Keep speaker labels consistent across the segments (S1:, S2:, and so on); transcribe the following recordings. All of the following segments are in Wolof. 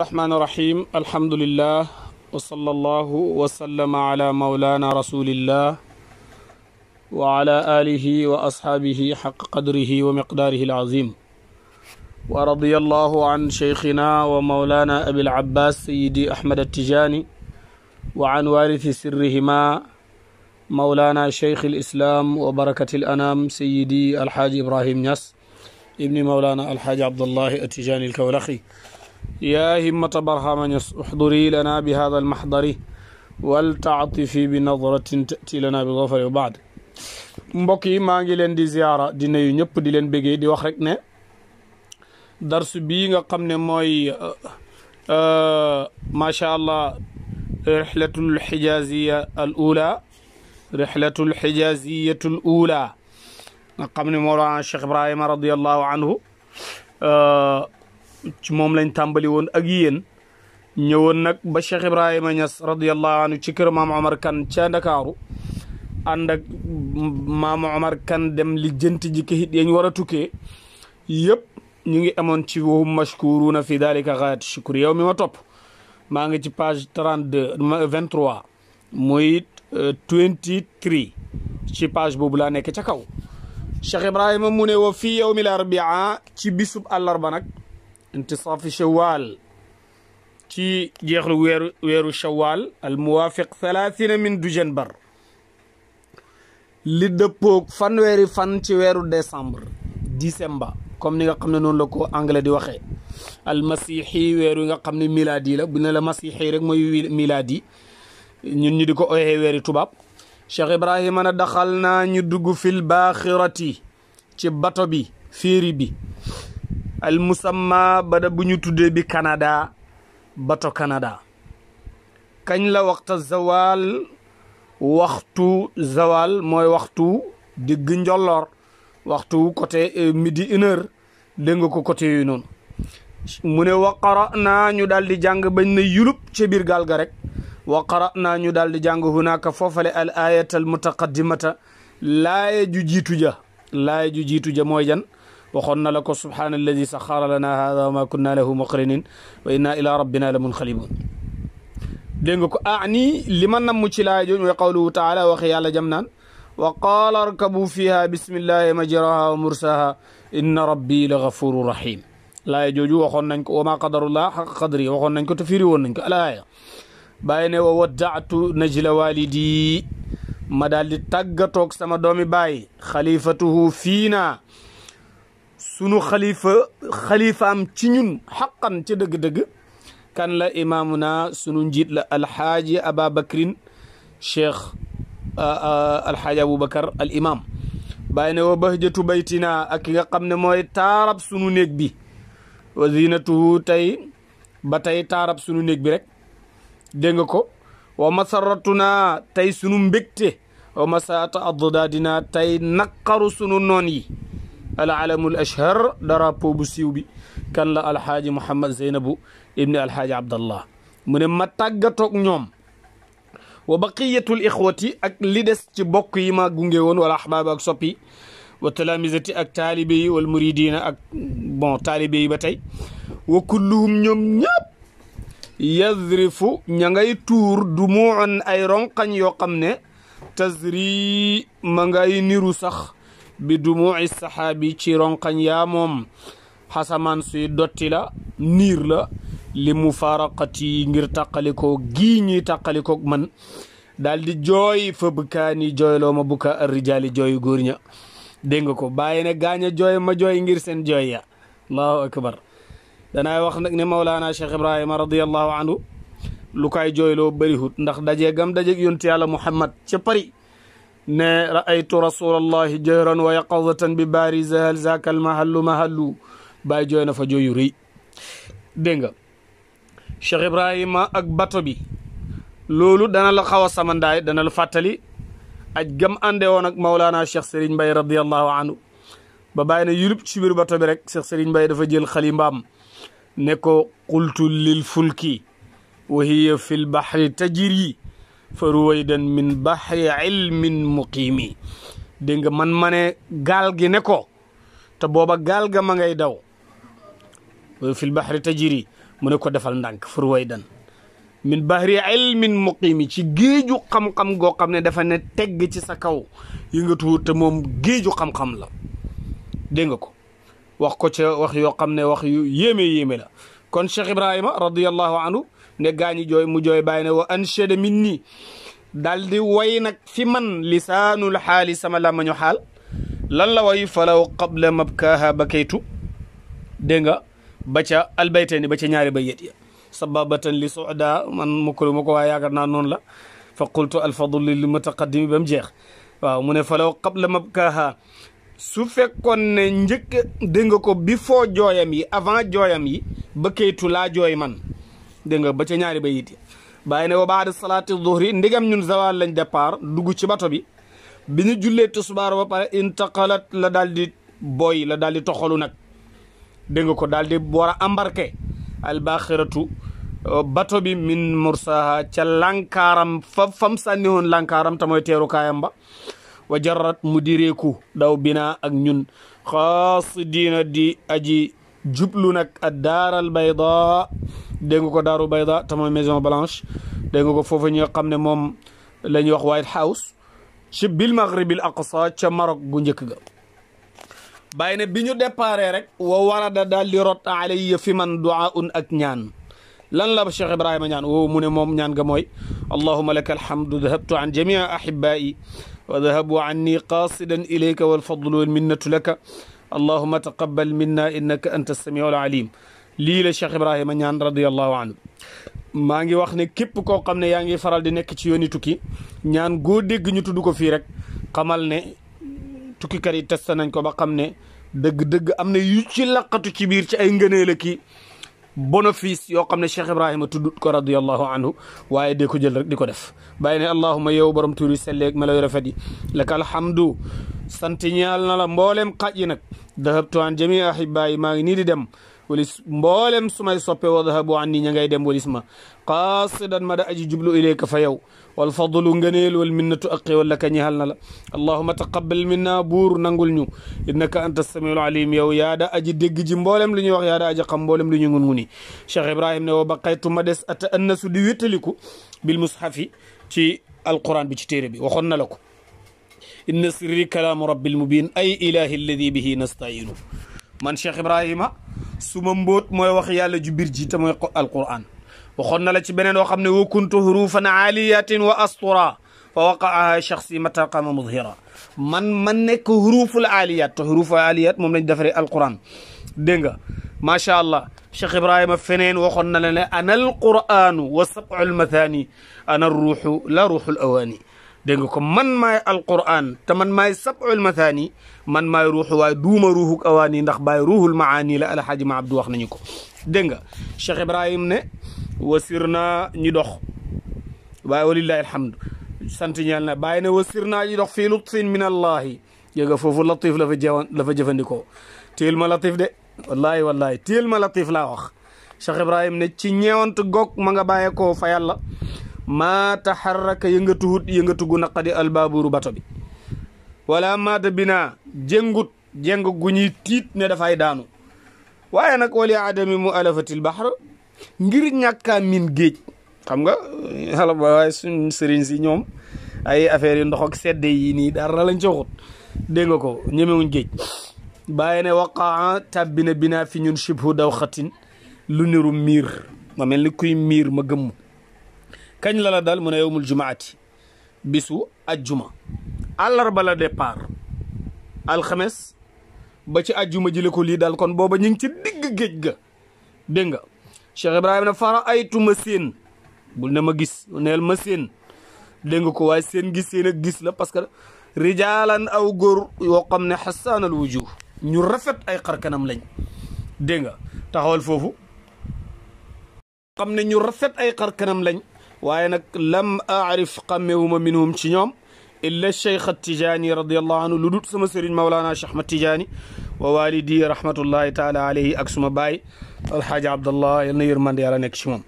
S1: الرحمن الرحيم الحمد لله وصلى الله وسلم على مولانا رسول الله وعلى آله وأصحابه حق قدره ومقداره العظيم ورضي الله عن شيخنا ومولانا أبي العباس سيدي أحمد التجاني وعن وارث سرهما مولانا شيخ الإسلام وبركة الأنام سيدي الحاج إبراهيم نس ابن مولانا الحاج عبد الله التجاني الكولخي يا همة برهامنس احضري لنا بهذا المحضر ولتعطفي بنظرة تأتي لنا بظفر وبعد مبكي ماغي لين دي زيارة دي نيو نيب دي لين بيغي دي واخ رك ني درس بيغا خامني موي آه،, أه ما شاء الله رحلة الحجازية الأولى رحلة الحجازية الأولى قمني مولانا الشيخ إبراهيم رضي الله عنه أه ci moom lañ tàmbali woon ak yéen ñëwoon nag ba Cheikh Ibrahima Niass radiyallahu anhu ci kër maam Omar Kane ca Ndakaaru ànd ak maam Omar Kane dem li jënt ji yañ war a tukkee yëpp ñu ngi amoon ci wahum na fi dalika xaayat shukur yow mi ma topp maa ngi ci page trente deux vingt trois muy euh, twenty three ci page boobu laa nekk ca kaw Cheikh Ibrahima mu ne wa fii yow mi l arbia ci bisub àllarba nag انتصاف شوال تي جيخل ويرو, شوال الموافق ثلاثين من دجنبر لدبوك فان ويري فان تي ويرو ديسمبر ديسمبر كم نيغا قمنا نون لكو انجل دي وخي المسيحي ويرو نيغا قمنا ميلادي لا بنا المسيحي رك مو ميلادي نيون ني ديكو اوهي ويري توباب شيخ ابراهيم انا دخلنا ني دوغو في الباخره تي باتو بي فيري بي al musamma bada bu ñu tuddee bi Canada bato Canada kañ la waxta zawal waxtu zawal mooy waxtu digg njolloor waxtu côté euh, midi une heure ko côté yooyu noonu mu ne waqara na ñu daldi di jàng bañ na yulub ca biir gaal rek waqara na ñu daal di jàng hunaaka foofale al ayat al mutaqaddimata laaya ju jiitu ja laaya ju jiitu ja mooy jan وخرنا لك سبحان الذي سخر لنا هذا وما كنا له مقرنين وإنا إلى ربنا لمنقلبون دينكو أعني لمن نمشي لا يجون يقوله تعالى وخيال جمنان وقال اركبوا فيها بسم الله مجراها ومرساها إن ربي لغفور رحيم لا يجوجو وخون نكو وما قدر الله حق قدري وخون نكو تفيري وخون نكو لا يا باين وودعت نجل والدي مدال تغتوك سما دومي باي خليفته فينا sunu xalifa xalifaam ci ñun xaqan ci dëgg-dëgg kan la imaamuna sunu njiit la alxaaji ababacrin cheikh alxaaji bakar al imam bàyyi ne wa bahjatu baytina ak ki nga xam ne mooy taarab sunu néeg bi wa zinatuhu ba tey taarab sunu néeg bi rek dégg ko wa masaratuna tey sunu mbégte wa masaata addaadina tey naqaru sunu noon yi العلم الأشهر درابو بسيوبي كان لا الحاج محمد زينب ابن الحاج عبد الله من متاغتوك نيوم وبقيه الاخوه اك لي ديس تي بوك يما غونغيون ولا احباب اك سوبي وتلاميذتي اك طالبي والمريدين اك بون طالبي باتاي وكلهم نيوم نياب يذرف نياغاي تور دموعا اي رونقان يو خامني تزري ماغاي نيرو صخ بدموع الصحابي تيرون كان ياموم حسمان سي دوتيلا نيرلا لمفارقتي غير تقلكو غيني تقلكو من daal di jooy fa bukaani jooyloo ma buka arrijaali jooy góor ña dégg nga ko bàyyi ne gaañ a jooy ma jooy ngir seen jooy ya allahu akbar danaay wax nag ne mawlaana cheikh ibrahima radiallahu anhu lu kaay jooyloo bërihut ndax dajee gam dajeeg yonti yàlla muhammad ca Paris ne ra'aytu rasulallahi jëran wa yaqazatan bi baari zahal zakal mahallu mahallu bàyyi jooy na fa jooyu rëy dégg nga Cheikh Ibrahima ak bato bi loolu dana la xaw a samandaay dana la fàttali aj gam ànde woon ak Maulana Cheikh Serigne Mbaye radiallahu anhu ba bàyyi na yulub ci biir bato bi rek Cheikh Serigne Mbaye dafa jël xalimbaam ne ko qultu lil fulki wa hiya fi l bahri tajri fa ruwaydan min bahri ilmin muqiimi dégg nga man mane ne gaal gi ne ko te booba gaal ga ma ngay daw fil bahri tajiri mu ne ko defal ndànk fa ruwaydan min bahri ilmin muqiimi ci géeju xam-xam goo xam ne dafa ne tegg ci sa kaw yëngatuwut te moom géeju xam-xam la dégg nga ko wax ko ca wax yoo xam ne wax yu yéeme yéeme la kon Cheikh Ibrahima radiyallahu anhu ne gaañi jooy mu jooy bàyyi ne wa anshada min nii daal di way nag fi man lisaanul xaali sama làmmañu xaal lan la way falaw qabla mabkaaha bakaytu dégg nga ba ca albaytayni ba ca ñaari ba yet ya sababatan li suda man mukkalu ma ko waaye yaakaar naa la fa qultu alfadlu li mutaqaddimi ba jeex waaw mu ne falaw qabla mabkaaha su fekkoon ne njëkk dégg nga ko bi foo jooyam yi avant jooyam yi ba kaytu laa man dégg nga ba ca ñaari ba yi bàyyi ne wa baada salaati zuhri ndigam ñun zawal lañ départ dugg ci bato bi bi ñu jullee tisbaar ba pare intaqalat la daal di la daal di toxalu nag dégg ko daal di war a embarqué bato bi min mursaha ca lankaaram fam sànni woon lankaaram te mooy teeru kaayam wa jarrat mu direeku daw bina ak ñun xaas diina di aji jublu nag a daaral bayda dégg nga ko daaru bayda te mooy maison blanche dégg nga ko foofu ñoo xam ne moom wax White House ci bil maghribil aqsa ca Maroc bu njëkk ga bàyyi ne bi ñu déparé rek wa warada daal di rot alayya fi man duaa un ak ñaan lan la Cheikh Ibrahima ñaan woo mu ne moom ñaan nga mooy allahuma laka alhamdu dahabtu an jamia ahibai wa dahabu anni qasidan ilayka walfadlu walminnatu laka اللهم تقبل منا انك انت السميع العليم لي الشيخ شيخ ابراهيم نيان رضي الله عنه ماغي واخني كيب كو خامني ياغي فرال دي نيك تي يوني توكي نيان غو ديغ ني تودو كو في رك خمال ني توكي كاري تست نان كو با خامني دغ دغ امني يو تي لاقاتو تي بير تي اي غنيله كي بونوفيس يو خامني شيخ ابراهيم تودو كو رضي الله عنه واي ديكو جيل رك ديكو ديف بايني اللهم يو بروم توري سليك ملو رفدي لك الحمد سنتي نيال نالا مبولم قاجي نك dahabtu an jamii ahibaayi maa ngi nii di dem walis mboolem su may soppe wa dahabu an nii ña ngay dem walis ma qaasidan ma da aji jublu ilayka fa yow walfadlu ngëneel wal minnatu aqi wala ka ñi hal na la allahuma taqabal minna buur nangul ñu innaka anta samiul alim yow yaa da aji dégg ji mboolem lu ñuy wax yaa da aji xam mboolem lu ñuy ngun nguni cheikh ibrahim ne wa baqaytu ma des ata annasu di wéttaliku bil mushafi ci alquran bi ci téere bi waxoon na la ko إن سري كلام رب المبين أي إله الذي به نستعين من شيخ إبراهيم سممبوت موي واخ يالا جبير جيتا موي القرآن وخونا لا سي بنين وخامن و كنت حروفا عاليات واسطرا فوقعها شخصي متقام مظهرا من منك هروف حروف العاليات حروف عاليات موم القرآن دينغا ما شاء الله شيخ ابراهيم فنين وخونا لنا انا القرآن وسبع المثاني انا الروح لا روح الاواني dégg nga ko man maay alquran te man maay sab'ul mathani man maay ruuxu waaye duuma ruuxuk awaani ndax bàyyi ruuxul maani la alxaaji ma abdu wax nañu ko dégg nga cheikh ibrahim ne wasir naa ñu dox waaye walillahi alhamdu sant ñeel na bàyyi ne wasir naa ñu dox fii lutfin min allahi yëga foofu latif la fa jëwan la fa jëfandikoo téel ma latif de wallahi wallahi téel ma latif laa wax cheikh ibrahim ne ci ñeewant goog ma nga bàyyee koo fa yàlla maa taxarraka yëngatu hut yëngatu gu naqadi albaburu bato bi wala maata binaa jéngut jéng gu ñuy tiit ne dafay daanu waaye nag wali adami mu alafatil baxar ngir ñàkkaa min géej xam nga xala ba waaye suñ sëriñ ñoom ay affaire yu ndox ak sedde yi nii dara lañ ci waxut dégg nga ko ñemewuñ géej bàyyi ne waqaa tàbbina binaa fi ñun shibhu daw xatin lu niru miir ma mel ni kuy miir ma gëmm kagn la la dal mu ne jumaati bisu ajjuma àllarba la départ alxames ba ci aljuma ji ko li dal kon booba ñing ci digg geej ga de nga Cheikh ibrahim na fara aytu masin bul ne ma gis neel masin de nga ko way seen gis seen gis la parce que rijalan aw gor yo xamne hasan ñu rafet ay xarkanam lañ de nga taxawal fofu xamne ñu rafet ay xarkanam lañ waaye nag lam aarif xàmmewuma minhum ci ñoom illa cheikh tijaani radiallahu anhu lu dut sama sëriñ mawlaana cheikh ahmad tijaani wa walidi rahmatullahi taala alayhi ak suma baay alxaaji abdallah yal na yërmande yàlla nekk ci moom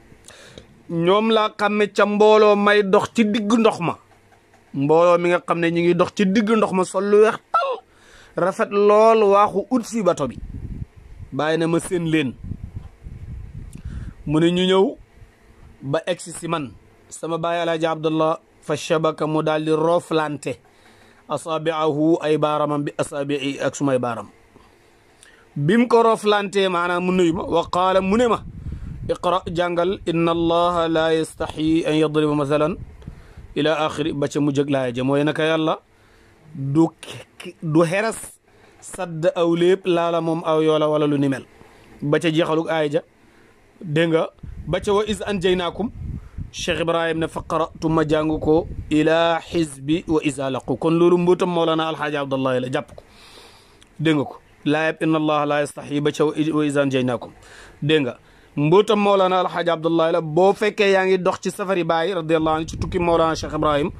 S1: ñoom laa xàmme ca mbooloo may dox ci digg ndox ma mbooloo mi nga xam ne ñu ngi dox ci digg ndox ma sol lu weex tal rafet lool waaxu ut si bato bi bàyyi na ma seen leen mu ne ñu ñëw ba egsi si man sama baye alhaji abdullah fa shabaka mu dal di roflante asabi'ahu ay baram bi asabi'i ak sumay baram bim ko roflante manam mu nuyuma wa اقرا جنجل ان الله لا يستحي ان يضرب مثلا الى اخر باتي موجك لا جي موي نكا يالا دو دو هرس صد او ليب لا لا موم او يولا ولا لو نيمل باتي جيخالوك ايجا دنگا باتي و اذ انجيناكم cheikh ibrahim ne faqaratu ma jàng ko ila xisbi wa isa laqu kon loolu mbuutam moolana alxaaji abdullahi la jàpp ko dégg nga ko laayab inna allaha la yastaxyi ba ca wa isan jaynaakum dégg nga mbuutam moolana alxaaji abdullahi la boo fekkee yaa ngi dox ci safari baay radiallahu anhu ci tukki moolana cheikh ibrahim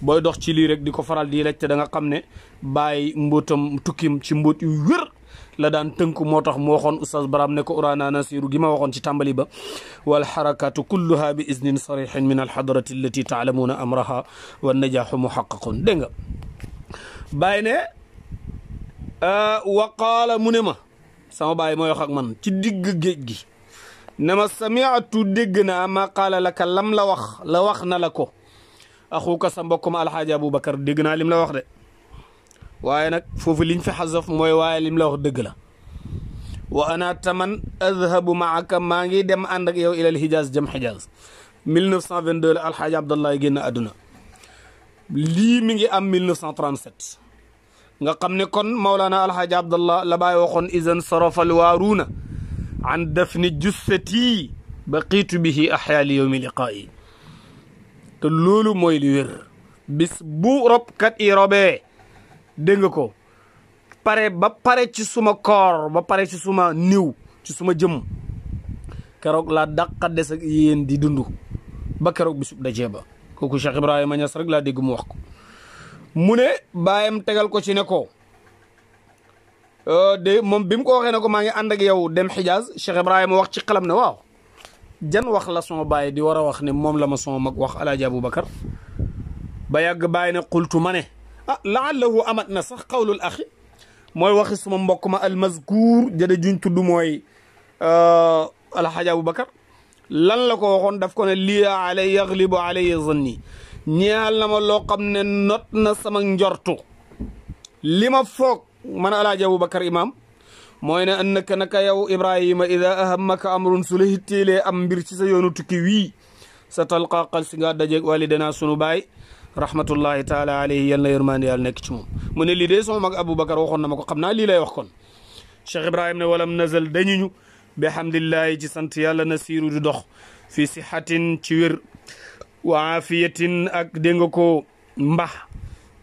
S1: booy dox ci lii rek di ko faral di laajte da nga xam ne bàyyi mbuutam tukkim ci mbuut yu wér la daan tënku moo tax mu waxoon oustaz Baraam ne ko uraana nasiru gi ma waxoon ci tàmbali ba wal xarakaatu kulluha bi iznin sarixin min alxadrati allati taalamuuna amraha wa najaaxu muxaqaqun dégg nga bàyyi ne waqaala mu ne ma sama bàyyi mooy wax ak ci digg géej gi ne ma samiatu dégg naa ma qaala la wax la wax na la ko axuuka ka mbokk ma alxaaji aboubacar dégg naa lim la wax de waaye nag foofu liñ fi xasaf mooy waaye lim la wax dëgg la wa ana taman adhabu maaka maa ngi dem ànd ak yow ilal Hijaaz jëm Hijaaz 1922 la alxaaji Abdallahi génn àdduna lii mi ngi am 1937 nga xam ne kon Mawlana alxaaji Abdallah la bàyyi waxoon izan sarafal waaruuna an dafni jussati baqiitu bihi axyaa li yowmi liqaayi te loolu mooy li wér bis bu robkat yi robee dégg nga ko pare ba pare ci suma koor ba pare ci suma niw ci suma jëm keroog laa dàqa des ak di dund ba keroog bisub dajee ba kooku Cheikh Ibrahima Niass rek laa dégg mu wax ko mu ne bàyyam tegal ko ci ne ko euh, de moom bi mu ko waxee ne ko maa ngi ànd ak yow dem Xijaaz Cheikh Ibrahima wax ci xalam ne waaw jan wax la son bàyyi di war a wax ne moom la ma son mag wax alaaji Aboubacar ba yàgg bàyyi ne qultu ma ne لعله امتنا صح قول الاخ موي واخي سما مبوكما المذكور جدي جون تود موي ا الحاج ابو بكر لان لاكو وخون داف كون لي علي يغلب علي ظني نيال نما لو خمن نوتنا سما نجورتو لما فوق من الحاج ابو بكر امام موي انك نك ياو ابراهيم اذا اهمك امر سلهتي لي امبير سي يونو تكي وي ستلقى قلسي غا دجي والدنا سونو باي rahmatullahi taala alayhi yal na yërmande yàlla nekk ci moom mu ne lii de sama mag Aboubacar waxoon na ma ko xam naa lii lay wax kon Cheikh Ibrahim ne walam nazal dañuñu bi hamdillahi ci sant yàlla na siiru du dox fi sihatin ci wér wa afiyatin ak dégg nga ko mbax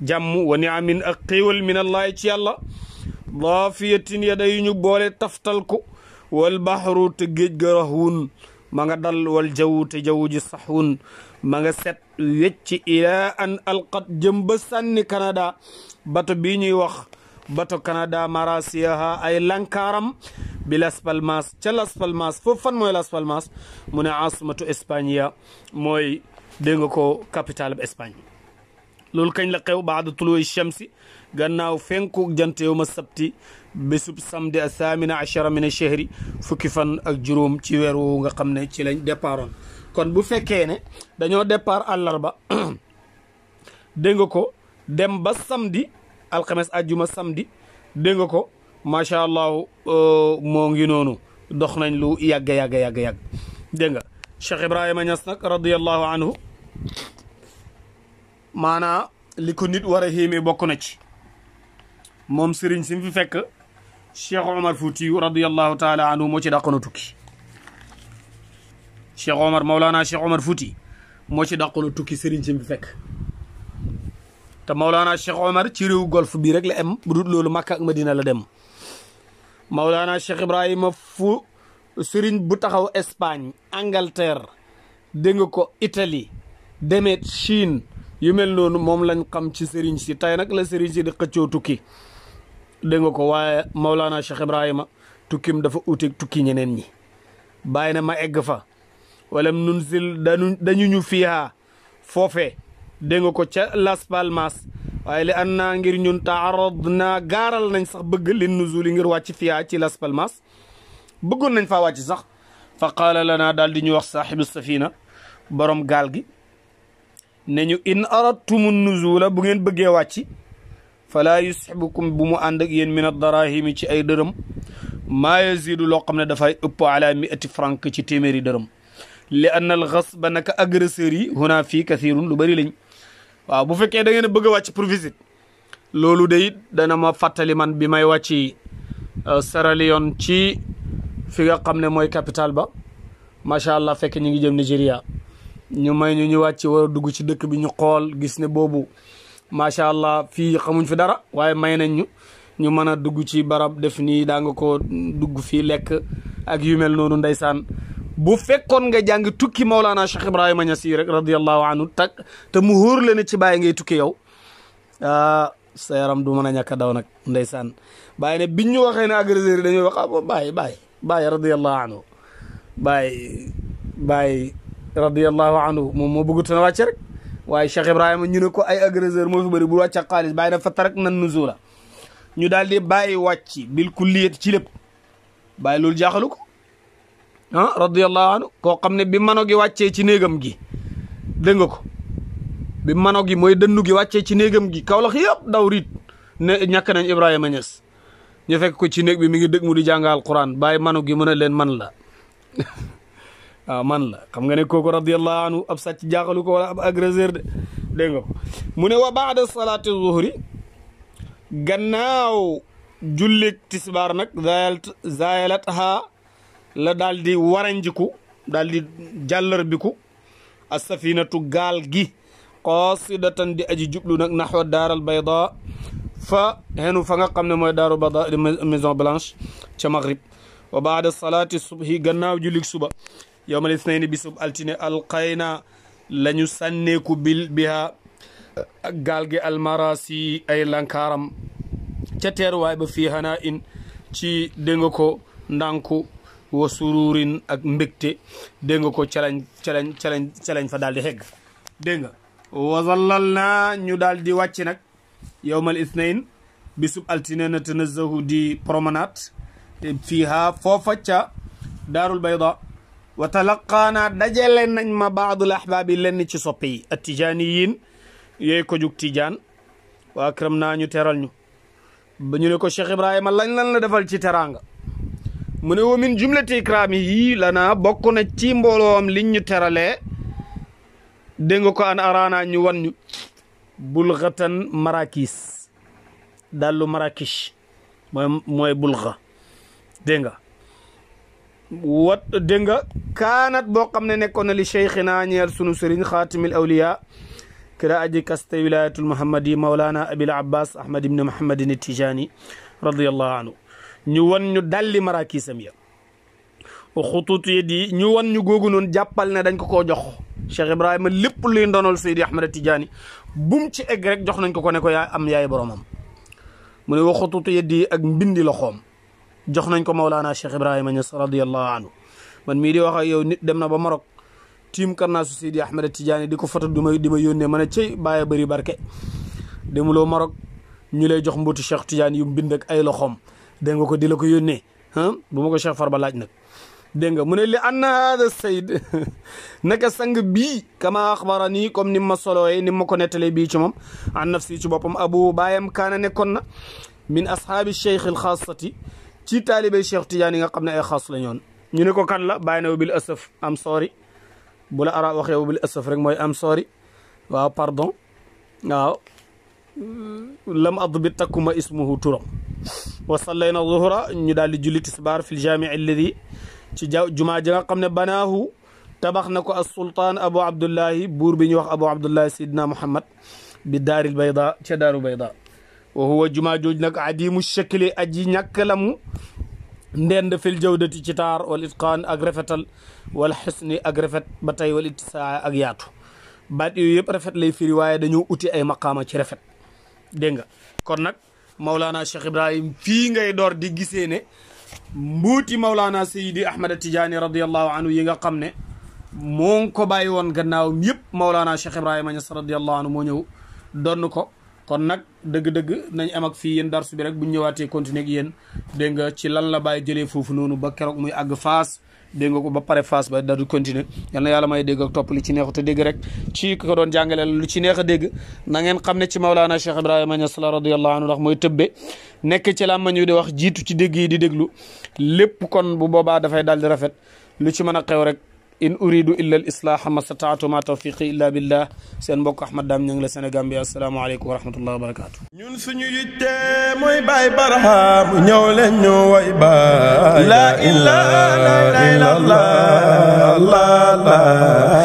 S1: jàmm wa niamin ak xéewal min allahi ci yàlla laafiyatin ya dayu boole taftal ko wal baxru te géej ga rahwun ma dal wal jaww te jaww ji saxwun ma nga set wecci ilaa an alqat jëm ba sànni Canada bato bii ñuy wax bato Canada marasiyaha ay lankaaram bi Las Palmas ca Las Palmas foofu fan mooy Las Palmas mu ne asimatu Espagne mooy dégg nga ko capitale bu Espagne loolu kañ la xew baada tuluwi shamsi gannaaw fenku jant yow ma sabti bésub samedi a thamina achara min a chehri fukki fan ak juróom ci weer woowu nga xam ne ci lañ départoon kon bu fekkee ne dañoo départ àllarba dégg nga ko dem ba samedi alxames ajjuma samdi dégg nga ko macha allah euh, moo ngi noonu dox nañ lu yàgg yàgg yàgg yàgg dégg nga Cheikh Ibrahima Niass nag radiyallahu anhu maanaa li ko nit war a xéemee bokk na ci moom sëriñ si mu fi fekk Cheikh Omar Foutiyu radiyallahu taala anhu moo ci dàqoon a tukki Cheikh Omar Maulana Cheikh Omar Fouti moo ci dàqoon tukki sëriñ si bi fekk te Maulana Cheikh Omar ci réew golf bii rek la em bu dul loolu Makka ak Madina la dem Maulana Cheikh Ibrahima fu sëriñ bu taxaw Espagne Angleterre dégg nga ko Italie demet Chine yu mel noonu moom lañ kam ci sëriñ si tey nag la sëriñ si di xëccoo tukki dégg nga ko waaye Maulana Cheikh Ibrahima tukkim dafa uti tukki ñeneen ñi bàyyi na ma egg fa. walam nunsil dañu dañu ñu fiihaa foofe dégg nga ko ca Las Palmas waaye li an naa ngir ñun taarad naa gaaral nañ sax bëgg lin nuzuli ngir wàcc fiihaa ci Las Palmas bëggoon nañ fa wàcc sax fa qaala lanaa daal di ñu wax saaxibu safina borom gaal gi ne ñu in aradtumu nuzula bu ngeen bëggee wàcc falaa yusxibukum bu mu ànd ak min min addarahimi ci ay dërëm maa yazidu loo xam ne dafay ëpp ala miati franc ci téeméeri dërëm li anna al xasba naka agresseurs yi huna fii kathirun lu bëri lañ waaw bu fekkee da ngeen a bëgg a wàcc pour loolu de it dana ma fàttali man bi may wàcci euh, Sierra Leone ci fi nga xam ne mooy capital ba macha allah fekk ñu ngi jëm Nigéria ñu may ñu ñu wàcc war dugg ci dëkk bi ñu xool gis ne boobu macha allah fii xamuñ fi dara waaye may nañ ñu ñu mën a dugg ci barab def nii daa nga ko dugg fii lekk ak yu mel noonu ndeysaan bu fekkoon nga jàng tukki Maulana Cheikh Ibrahima ña yi rek radiyallahu anhu tak te mu wóor la ne ci bàyyi ngay tukki yow ah sa yaram du mën a ñàkk daw nag ndeysaan bàyyi ne biñ ñu waxee ne agresseur yi dañuy wax ah bàyyi bàyyi bàyyi radiyallahu anhu bàyyi bàyyi radiyallahu anhu moom moo bëggut na wàcce rek waaye Cheikh Ibrahima ñu ne ko ay agresseur moo fi bëri bu wàcc xaalis baay na fa tarak nan nuzula ñu daal di bàyyi wàcc bil kulliyat ci lépp bàyyi loolu jaaxalu ko ah radiyallahu anhu koo xam ne bi mano gi wàccee ci néegam gi dégg nga ko bi mano gi mooy dënnu gi wàccee ci néegam gi Kawlax yëpp dawrit riit ne ñàkk nañ Ibrahima Niass ñu fekk ko ci néeg bi mi ngi dëgg mu di jàngal Quran bàyyi mano gi mën a leen man la waaw ah, man la xam nga ne kooku radiyallahu anhu ab sàcc jaaxalu ko wala ab agresseur de dégg mu ne wa baada salaati zuhri gannaaw jullik tisbaar nag zayalat zayalat la daldi di waranjiku daal di jàllarbiku asafinatu gaal gi qasidatan di aji jublu nak nahwa dar al bayda fa xenu fa nga xamne moy daru bada maison blanche ci maghrib wa ba'da salati subhi gannaaw julik suba yawmal isnayni bisub altine alqayna la ñu sànneeku bil biha galgi gaal gi almarasi ay lankaaram ca teeruwaay ba fi hana in ci dégg ko ndànku wa sururin ak mbégte dégg nga ko calañ calañ calañ calañ fa daal di xegg dégg nga wa zallal naa ñu daal di wàcc nag yowmal ithnain bisub altine na tanazahu di promenade fiiha foofa ca darul bayda wa talaqaana dajale nañ ma baadul ahbaabi lenn ci soppe yi attijaaniyin yooyu ko jug tijaan waa këram naa teral ñu ba ñu ne ko Cheikh Ibrahima lañ lan la defal ci teraanga mu ne wa min jumlati ikraamihi lana bokk na ci mbooloom liñ ñu teralee dégg nga ko an araana ñu wan ñu bulxatan marakis dallu marakish mooy mooy bulxa dégg nga wat dégg nga kaanat boo xam ne nekkoon na li cheikhina ñeel sunu sëriñ xaatimil awliya kira aji kaste wilayatul muhammadi mawlana abil abbas ahmad ibne muhammadin tijani radiallahu anhu ñu wan ñu dalli maraakisam ya xutuut yi di ñu wan ñu googu noonu jàppal ne dañ ko koo jox Cheikh Ibrahima lépp luy ndonal Seydi Ahmad Tidiane bum ci egg rek jox nañ ko ko ne ko yaa am yaay boromam mu ne wa xutuut yi di ak mbindi loxoom jox nañ ko Maulana Cheikh Ibrahima Niass radiyallahu anhu man mii di wax ak yow nit dem na ba Maroc tiim karnaasu Seydi Ahmad Tidiane di ko foto di ma di ma yónnee ma ne cey bàyyi bëri barke demuloo Maroc ñu lay jox mbuuti Cheikh Tidiane yu mbind ak ay loxoom. dégg nga ko di la ko yónnee bu ma ko Cheikh Farba laaj nag dégg nga mu ne li anna haada sayd naka sang bii kama axbara nii comme ni ma solooyee ni ma ko nettalee bii ci moom an nafsi ci boppam abu baayam kaana nekkoon na min ashaabi cheikh al ci taalibé cheikh Tidiane yi nga xam ne ay xaas la ñoon ñu ne ko kan la bàyyi na bil asaf am soori bu la ara waxee bil asaf rek mooy am soori waaw pardon waaw لم أضبط تكما اسمه ترى وصلينا الظهر ندال جولي تسبار في الجامع الذي تجاو جمع جنا قمنا بناه تبخناكو السلطان أبو عبد الله بور بن يوخ أبو عبد الله سيدنا محمد بدار البيضاء تدار البيضاء وهو جمع جوجنك عديم الشكل أجي نكلم نند في الجودة تتار والإتقان أغرفتل والحسن أغرفت بطي والإتساع أغياتو بعد يبرفت لي في رواية دنيو أتي أي مقام شرفت dégg nga kon nag Maulana Cheikh Ibrahim fii ngay door di gisee ne mbuuti Maulana Seydi Ahmad Tijaani radiyallahu anhu yi nga xam ne moo ngi ko bàyyi woon gannaawam yëpp Maulana Cheikh Ibrahima Niass radiyallahu anhu moo ñëw donn ko kon nag dëgg-dëgg nañ am ak fii yéen darsu bi rek bu ñu ñëwaatee continuer ak dégg nga ci lan la bàyyi jëlee foofu noonu ba keroog muy àgg faas dégg nga ko ba pare phase ba da du continuer yal na yàlla may dégg topp li ci neexu te dégg rek ci ko doon jàngaleel lu ci neex dégg nangeen ngeen xam ne ci Maulana Cheikh Ibrahima Niass la radiyallahu anhu ndax mooy tëbbe nekk ci làmma ñu di wax jiitu ci dégg yi di déglu lépp kon bu boobaa dafay daal di rafet lu ci mën a xew rek in uridu illa al islaaha masataatu ma tawfiqi illa billah seen mbokk Ahmad Dame Niang la Sénégal bi asalaamaaleykum wa rahmatullahi wa barakaatu. ñun suñu yitte mooy Baay Barham ñëw leen ñu way baay. la ilaha illallah